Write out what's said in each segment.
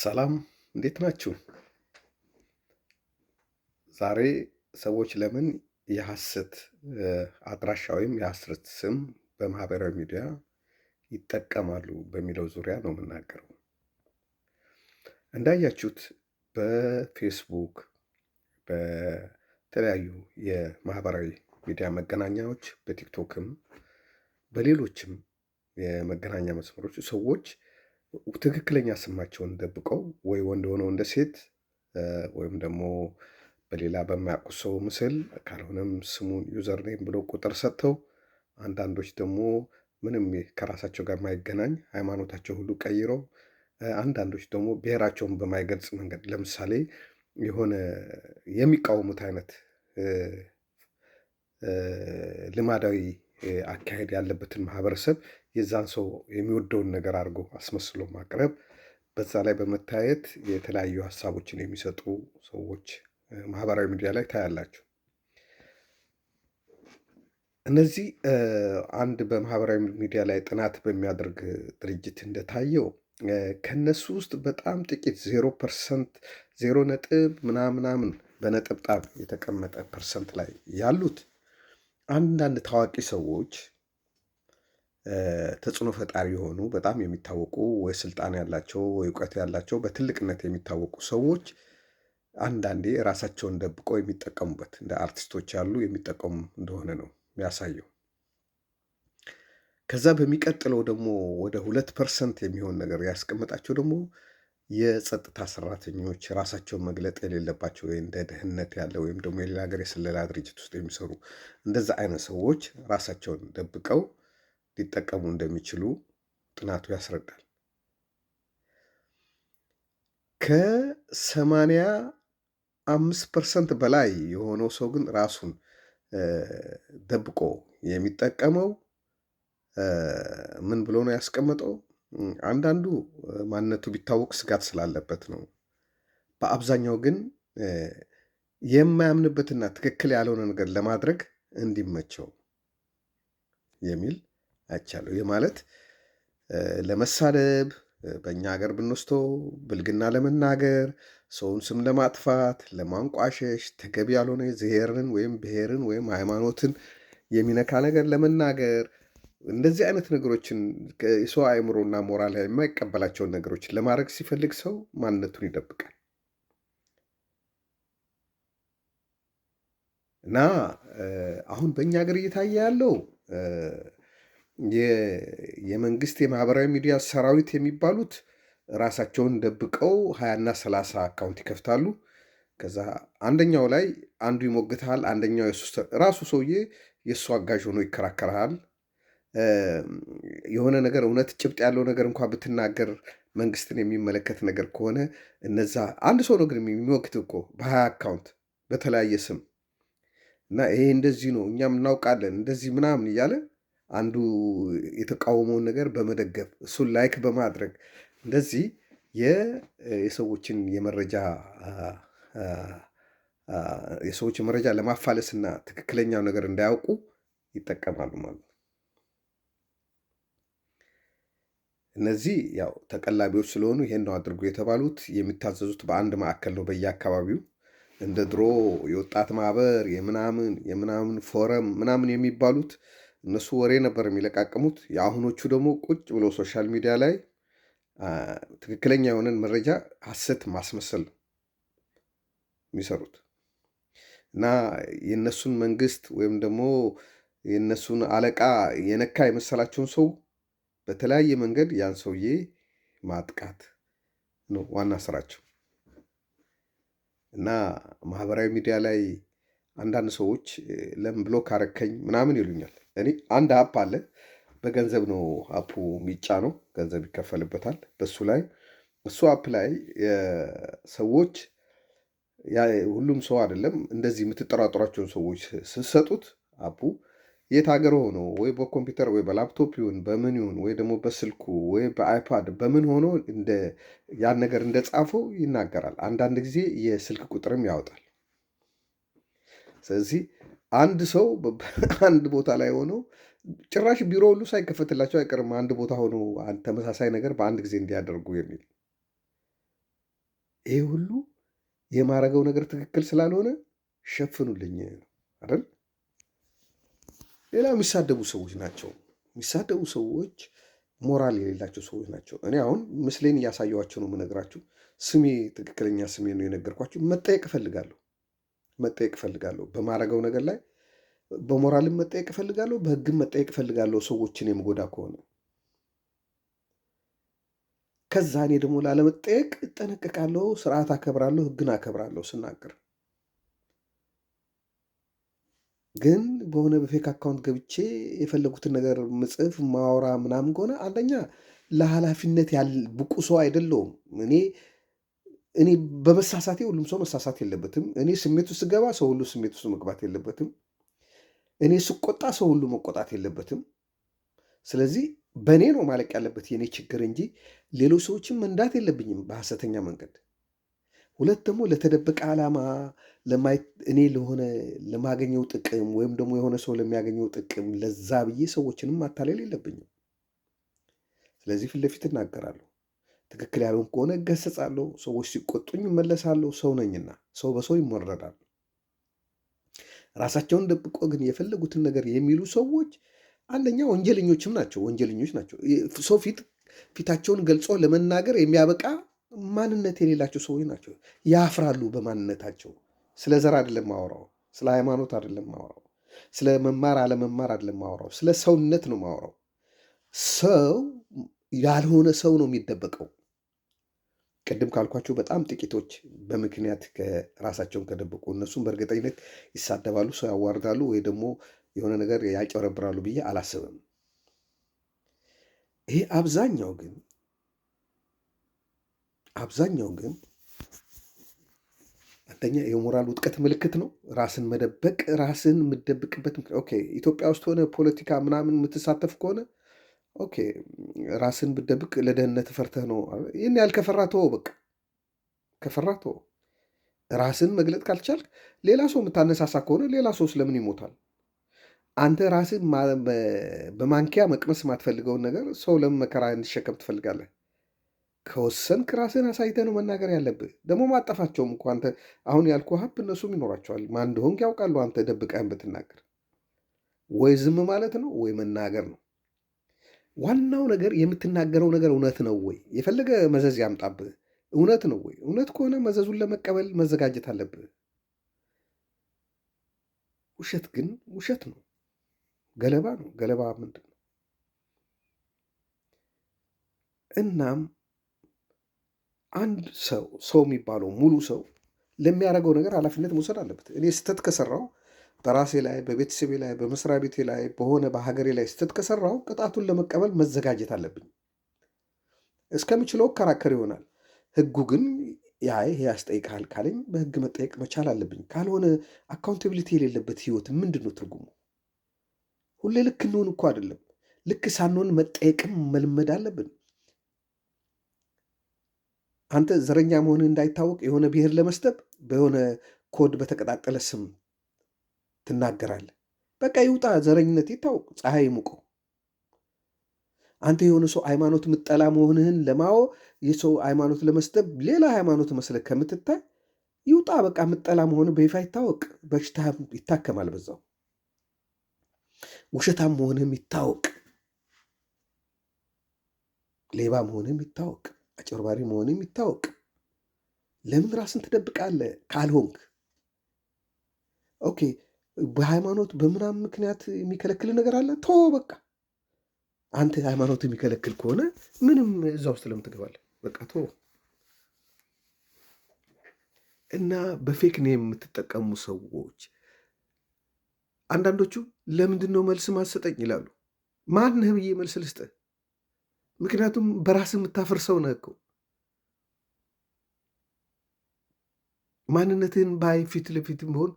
ሰላም እንዴት ናችሁ? ዛሬ ሰዎች ለምን የሐሰት አድራሻ ወይም የሐሰት ስም በማህበራዊ ሚዲያ ይጠቀማሉ በሚለው ዙሪያ ነው የምናገረው። እንዳያችሁት በፌስቡክ በተለያዩ የማህበራዊ ሚዲያ መገናኛዎች፣ በቲክቶክም በሌሎችም የመገናኛ መስመሮች ሰዎች ትክክለኛ ስማቸውን ደብቀው ወይ ወንድ ሆነው እንደ ሴት ወይም ደግሞ በሌላ በማያውቁ ሰው ምስል ካልሆነም ስሙን ዩዘርኔም ብሎ ቁጥር ሰጥተው፣ አንዳንዶች ደግሞ ምንም ከራሳቸው ጋር የማይገናኝ ሃይማኖታቸው ሁሉ ቀይረው፣ አንዳንዶች ደግሞ ብሔራቸውን በማይገልጽ መንገድ ለምሳሌ የሆነ የሚቃወሙት አይነት ልማዳዊ አካሄድ ያለበትን ማህበረሰብ የዛን ሰው የሚወደውን ነገር አድርጎ አስመስሎ ማቅረብ፣ በዛ ላይ በመታየት የተለያዩ ሀሳቦችን የሚሰጡ ሰዎች ማህበራዊ ሚዲያ ላይ ታያላችሁ። እነዚህ አንድ በማህበራዊ ሚዲያ ላይ ጥናት በሚያደርግ ድርጅት እንደታየው ከነሱ ውስጥ በጣም ጥቂት ዜሮ ፐርሰንት ዜሮ ነጥብ ምናምናምን በነጠብጣብ የተቀመጠ ፐርሰንት ላይ ያሉት አንዳንድ ታዋቂ ሰዎች ተጽዕኖ ፈጣሪ የሆኑ በጣም የሚታወቁ ወይ ስልጣን ያላቸው ወይ እውቀት ያላቸው በትልቅነት የሚታወቁ ሰዎች አንዳንዴ ራሳቸውን ደብቀው የሚጠቀሙበት እንደ አርቲስቶች ያሉ የሚጠቀሙ እንደሆነ ነው የሚያሳየው። ከዛ በሚቀጥለው ደግሞ ወደ ሁለት ፐርሰንት የሚሆን ነገር ያስቀመጣቸው ደግሞ የጸጥታ ሰራተኞች ራሳቸውን መግለጥ የሌለባቸው ወይ እንደ ደህንነት ያለ ወይም ደግሞ የሌላ ሀገር የስለላ ድርጅት ውስጥ የሚሰሩ እንደዛ አይነት ሰዎች ራሳቸውን ደብቀው ሊጠቀሙ እንደሚችሉ ጥናቱ ያስረዳል። ከሰማንያ አምስት ፐርሰንት በላይ የሆነው ሰው ግን ራሱን ደብቆ የሚጠቀመው ምን ብሎ ነው ያስቀመጠው? አንዳንዱ ማንነቱ ቢታወቅ ስጋት ስላለበት ነው። በአብዛኛው ግን የማያምንበትና ትክክል ያልሆነ ነገር ለማድረግ እንዲመቸው የሚል አይቻለሁ። ይህ ማለት ለመሳደብ በእኛ ሀገር ብንወስቶ ብልግና ለመናገር፣ ሰውን ስም ለማጥፋት፣ ለማንቋሸሽ፣ ተገቢ ያልሆነ ዝሄርን ወይም ብሔርን ወይም ሃይማኖትን የሚነካ ነገር ለመናገር እንደዚህ አይነት ነገሮችን የሰው አእምሮና ሞራል የማይቀበላቸውን ነገሮችን ለማድረግ ሲፈልግ ሰው ማንነቱን ይደብቃል እና አሁን በእኛ ሀገር እየታየ ያለው የመንግስት የማህበራዊ ሚዲያ ሰራዊት የሚባሉት ራሳቸውን ደብቀው ሀያና ሰላሳ አካውንት ይከፍታሉ። ከዛ አንደኛው ላይ አንዱ ይሞግታል፣ አንደኛው ራሱ ሰውዬ የእሱ አጋዥ ሆኖ ይከራከርሃል። የሆነ ነገር እውነት ጭብጥ ያለው ነገር እንኳ ብትናገር መንግስትን የሚመለከት ነገር ከሆነ እነዛ አንድ ሰው ነው ግን የሚሞግት እኮ በሀያ አካውንት በተለያየ ስም እና ይሄ እንደዚህ ነው እኛም እናውቃለን እንደዚህ ምናምን እያለ አንዱ የተቃወመውን ነገር በመደገፍ እሱን ላይክ በማድረግ እንደዚህ የሰዎችን የመረጃ የሰዎች መረጃ ለማፋለስና ትክክለኛው ነገር እንዳያውቁ ይጠቀማሉ ማለት ነው። እነዚህ ያው ተቀላቢዎች ስለሆኑ ይሄን ነው አድርጎ የተባሉት የሚታዘዙት በአንድ ማዕከል ነው በየአካባቢው እንደ ድሮ የወጣት ማህበር የምናምን የምናምን ፎረም ምናምን የሚባሉት እነሱ ወሬ ነበር የሚለቃቅሙት። የአሁኖቹ ደግሞ ቁጭ ብሎ ሶሻል ሚዲያ ላይ ትክክለኛ የሆነን መረጃ ሀሰት ማስመሰል ነው የሚሰሩት እና የእነሱን መንግስት ወይም ደግሞ የእነሱን አለቃ የነካ የመሰላቸውን ሰው በተለያየ መንገድ ያን ሰውዬ ማጥቃት ነው ዋና ስራቸው እና ማህበራዊ ሚዲያ ላይ አንዳንድ ሰዎች ለም ብሎ ካረከኝ ምናምን ይሉኛል። እኔ አንድ አፕ አለ። በገንዘብ ነው አፑ ሚጫ ነው ገንዘብ ይከፈልበታል። በሱ ላይ እሱ አፕ ላይ ሰዎች ሁሉም ሰው አይደለም እንደዚህ የምትጠራጠሯቸውን ሰዎች ስትሰጡት አፑ የት ሀገር ሆኖ ወይ በኮምፒውተር ወይ በላፕቶፕ ይሁን በምን ይሁን ወይ ደግሞ በስልኩ ወይ በአይፓድ በምን ሆኖ ያን ነገር እንደጻፈው ይናገራል። አንዳንድ ጊዜ የስልክ ቁጥርም ያወጣል። ስለዚህ አንድ ሰው አንድ ቦታ ላይ ሆኖ ጭራሽ ቢሮ ሁሉ ሳይከፈትላቸው አይቀርም። አንድ ቦታ ሆኖ ተመሳሳይ ነገር በአንድ ጊዜ እንዲያደርጉ የሚል ይሄ ሁሉ የማረገው ነገር ትክክል ስላልሆነ ሸፍኑልኝ አይደል? ሌላ የሚሳደቡ ሰዎች ናቸው። የሚሳደቡ ሰዎች ሞራል የሌላቸው ሰዎች ናቸው። እኔ አሁን ምስሌን እያሳየኋቸው ነው የምነግራችሁ። ስሜ ትክክለኛ ስሜ ነው የነገርኳችሁ። መጠየቅ እፈልጋለሁ። መጠየቅ እፈልጋለሁ። በማረገው ነገር ላይ በሞራልም መጠየቅ እፈልጋለሁ፣ በህግም መጠየቅ እፈልጋለሁ። ሰዎችን የምጎዳ ከሆነ ከዛ እኔ ደግሞ ላለመጠየቅ እጠነቀቃለሁ፣ ስርዓት አከብራለሁ፣ ህግን አከብራለሁ ስናገር ግን በሆነ በፌክ አካውንት ገብቼ የፈለጉትን ነገር ምጽፍ ማወራ ምናምን ከሆነ አንደኛ ለኃላፊነት ብቁ ሰው አይደለውም እኔ እኔ በመሳሳቴ ሁሉም ሰው መሳሳት የለበትም። እኔ ስሜት ውስጥ ስገባ ሰው ሁሉ ስሜት ውስጥ መግባት የለበትም። እኔ ስቆጣ ሰው ሁሉ መቆጣት የለበትም። ስለዚህ በእኔ ነው ማለቅ ያለበት የእኔ ችግር እንጂ ሌሎች ሰዎችን መንዳት የለብኝም በሐሰተኛ መንገድ። ሁለት ደግሞ ለተደበቀ ዓላማ እኔ ለሆነ ለማገኘው ጥቅም ወይም ደግሞ የሆነ ሰው ለሚያገኘው ጥቅም ለዛ ብዬ ሰዎችንም ማታለል የለብኝም። ስለዚህ ፊት ለፊት እናገራለሁ። ትክክል ያልሆን ከሆነ እገሰጻለሁ። ሰዎች ሲቆጡኝ እመለሳለሁ። ሰው ነኝና ሰው በሰው ይሞረዳል። ራሳቸውን ደብቆ ግን የፈለጉትን ነገር የሚሉ ሰዎች አንደኛ ወንጀለኞችም ናቸው፣ ወንጀለኞች ናቸው። ሰው ፊት ፊታቸውን ገልጾ ለመናገር የሚያበቃ ማንነት የሌላቸው ሰዎች ናቸው። ያፍራሉ በማንነታቸው። ስለ ዘር አይደለም ማወራው፣ ስለ ሃይማኖት አይደለም ማወራው፣ ስለ መማር አለመማር አይደለም ማወራው፣ ስለ ሰውነት ነው ማወራው። ሰው ያልሆነ ሰው ነው የሚደበቀው። ቅድም ካልኳቸው በጣም ጥቂቶች በምክንያት ራሳቸውን ከደበቁ እነሱም በእርግጠኝነት ይሳደባሉ፣ ሰው ያዋርዳሉ፣ ወይ ደግሞ የሆነ ነገር ያጨረብራሉ ብዬ አላስብም። ይሄ አብዛኛው ግን አብዛኛው ግን አንደኛ የሞራል ውጥቀት ምልክት ነው። ራስን መደበቅ ራስን የምደብቅበት ኢትዮጵያ ውስጥ ሆነ ፖለቲካ ምናምን የምትሳተፍ ከሆነ ኦኬ ራስን ብደብቅ ለደህንነት ፈርተህ ነው። ይህን ያህል ከፈራ ተወው፣ በቃ ከፈራ ተወው። ራስን መግለጥ ካልቻልክ ሌላ ሰው የምታነሳሳ ከሆነ ሌላ ሰው ስለምን ይሞታል? አንተ ራስን በማንኪያ መቅመስ የማትፈልገውን ነገር ሰው ለምን መከራ እንዲሸከም ትፈልጋለህ? ከወሰንክ ራስን አሳይተህ ነው መናገር ያለብህ። ደግሞ ማጠፋቸውም እኮ አንተ አሁን ያልኩህ ሀብ እነሱም ይኖራቸዋል። ማን እንደሆንክ ያውቃሉ። አንተ ደብቀህን ብትናገር ወይ ዝም ማለት ነው ወይ መናገር ነው። ዋናው ነገር የምትናገረው ነገር እውነት ነው ወይ? የፈለገ መዘዝ ያምጣብህ፣ እውነት ነው ወይ? እውነት ከሆነ መዘዙን ለመቀበል መዘጋጀት አለብህ። ውሸት ግን ውሸት ነው፣ ገለባ ነው። ገለባ ምንድን ነው? እናም አንድ ሰው ሰው የሚባለው ሙሉ ሰው ለሚያደርገው ነገር ኃላፊነት መውሰድ አለበት። እኔ ስህተት ከሰራው በራሴ ላይ በቤተሰቤ ላይ በመስሪያ ቤቴ ላይ በሆነ በሀገሬ ላይ ስተት ከሰራው ቅጣቱን ለመቀበል መዘጋጀት አለብኝ። እስከምችለው እከራከር ይሆናል። ህጉ ግን ያ ይሄ ያስጠይቃል ካለኝ በህግ መጠየቅ መቻል አለብኝ። ካልሆነ አካውንታብሊቲ የሌለበት ህይወት ምንድን ነው ትርጉሙ? ሁሌ ልክ እንሆን እኮ አይደለም። ልክ ሳንሆን መጠየቅም መልመድ አለብን። አንተ ዘረኛ መሆን እንዳይታወቅ የሆነ ብሔር ለመስጠብ በሆነ ኮድ በተቀጣጠለ ስም ትናገራለህ። በቃ ይውጣ ዘረኝነት ይታወቅ፣ ፀሐይ ሙቆ አንተ የሆነ ሰው ሃይማኖት ምጠላ መሆንህን ለማወ የሰው ሃይማኖት ለመስደብ ሌላ ሃይማኖት መስለህ ከምትታይ ይውጣ በቃ። ምጠላ መሆን በይፋ ይታወቅ፣ በሽታህም ይታከማል በዛው። ውሸታም መሆንህም ይታወቅ፣ ሌባ መሆንህም ይታወቅ፣ አጭበርባሪ መሆንህም ይታወቅ። ለምን ራስን ትደብቃለህ ካልሆንክ? ኦኬ በሃይማኖት በምናምን ምክንያት የሚከለክል ነገር አለ? ቶ በቃ አንተ ሃይማኖት የሚከለክል ከሆነ ምንም እዛ ውስጥ ለምን ትገባለህ? በቃ ቶ እና በፌክ ኔም የምትጠቀሙ ሰዎች አንዳንዶቹ ለምንድን ነው መልስ ማሰጠኝ ይላሉ። ነህ ብዬ መልስ ልስጥህ? ምክንያቱም በራስ የምታፈር ሰው ነህ እኮ ማንነትህን ባይ ፊት ለፊት ቢሆን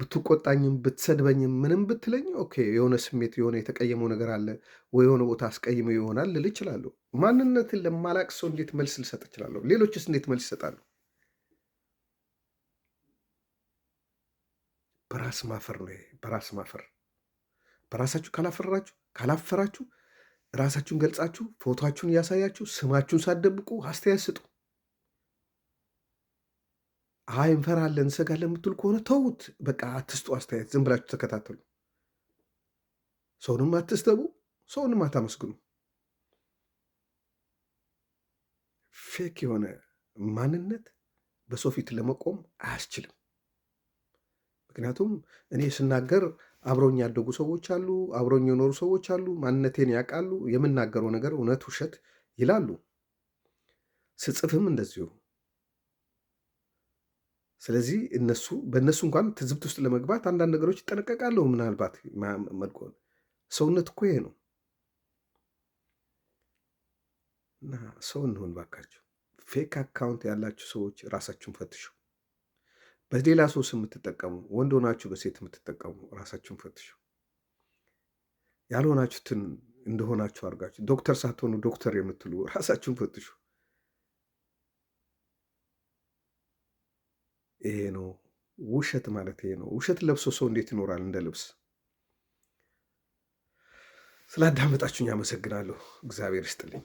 ብትቆጣኝም ብትሰድበኝም ምንም ብትለኝ ኦኬ የሆነ ስሜት የሆነ የተቀየመው ነገር አለ ወይ የሆነ ቦታ አስቀይመ ይሆናል ልል እችላለሁ። ማንነትን ለማላቅ ሰው እንዴት መልስ ልሰጥ እችላለሁ? ሌሎችስ እንዴት መልስ ይሰጣሉ? በራስ ማፈር ነው። በራስ ማፈር በራሳችሁ ካላፈራችሁ ካላፈራችሁ ራሳችሁን ገልጻችሁ ፎቶችሁን እያሳያችሁ ስማችሁን ሳትደብቁ አስተያየት ስጡ። አይ እንፈራለን እንሰጋለን የምትሉ ከሆነ ተዉት፣ በቃ አትስጡ አስተያየት። ዝም ብላችሁ ተከታተሉ። ሰውንም አትስተቡ፣ ሰውንም አታመስግኑ። ፌክ የሆነ ማንነት በሰው ፊት ለመቆም አያስችልም። ምክንያቱም እኔ ስናገር አብረኝ ያደጉ ሰዎች አሉ፣ አብረኝ የኖሩ ሰዎች አሉ። ማንነቴን ያውቃሉ። የምናገረው ነገር እውነት ውሸት ይላሉ። ስጽፍም እንደዚሁ ስለዚህ እነሱ በእነሱ እንኳን ትዝብት ውስጥ ለመግባት አንዳንድ ነገሮች ይጠነቀቃለሁ። ምናልባት መልኩ ሰውነት እኮ ይሄ ነው እና ሰው እንሆን ባካችሁ። ፌክ አካውንት ያላችሁ ሰዎች ራሳችሁን ፈትሹ። በሌላ ሰው ስም የምትጠቀሙ ወንድ ሆናችሁ በሴት የምትጠቀሙ ራሳችሁን ፈትሹ። ያልሆናችሁትን እንደሆናችሁ አድርጋችሁ ዶክተር ሳትሆኑ ዶክተር የምትሉ ራሳችሁን ፈትሹ። ይሄ ነው ውሸት ማለት ይሄ ነው። ውሸት ለብሶ ሰው እንዴት ይኖራል እንደ ልብስ? ስላዳመጣችሁኝ አመሰግናለሁ። እግዚአብሔር ይስጥልኝ።